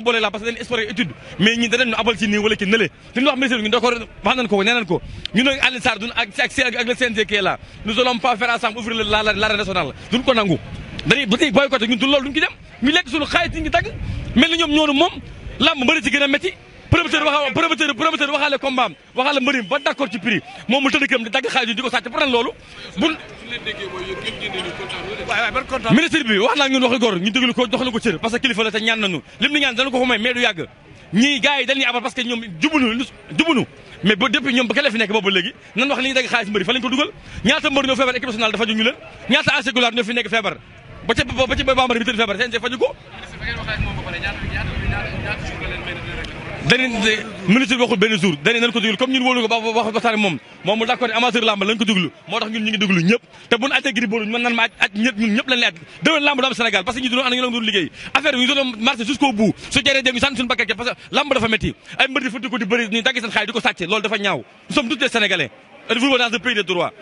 ko boole la parce que ñi danañ ñu abal ci nii wala ci nële li ñu wax ministre bi ñu ko nee ko ñu ne Alioune Sarr duñ ak ak ak le CNG qui est là nous allons pas faire ensemble ouvrir la l'arène nationale ko nangu dañuy dañuy boycotté ñun du dem ñu lekk suñu xaalis ñu ngi tagg mel ni ñoom ñoonu moom làmb mbëri ci gën a métti promoteur wax promoteur promoteur waxaale combat waxaale mbërim ba d'accord ci prix moom mu tëdd këram di dagg xaalis di ko sàcc pour lan loolu bu ministre bi wax naa ngeen waxi góor ñu déglu ko jox na ko cër parce que kilifa la ñaan nañu lim ni ñaan dana ko ko may du yàgg ñii gars yi dañuy abal parce que ñoom jubunu jubunu mais ba depuis ñoom ba ka fi nekk boobu nan wax li dagg xaalis mbëri fa dugal ñaata mbër ñoo feebar équipe nationale dafa ñu leen ñaata aséculaire dañu ministre bi waxul benn jour dañu nañ ko déglu comme ñun wóolu ko ba wax waxtaan moom moom mu d'accord amateur làmb lañ ko déglu moo tax ñun ñu ngi déglu ñëpp te ñun ñëpp lañ lay aj déwén làmb du am ñu doon ànd ñu doon liggéey affaire bi ñu doon marché jusqu'au bout su jëree dem ñu sànni suñu bakkan parce que dafa métti ay mbër futti ko di bëri ñu dagg seen xaalis ko sàcce loolu dafa ñaaw nous sommes tous des Sénégalais et nous vivons de droit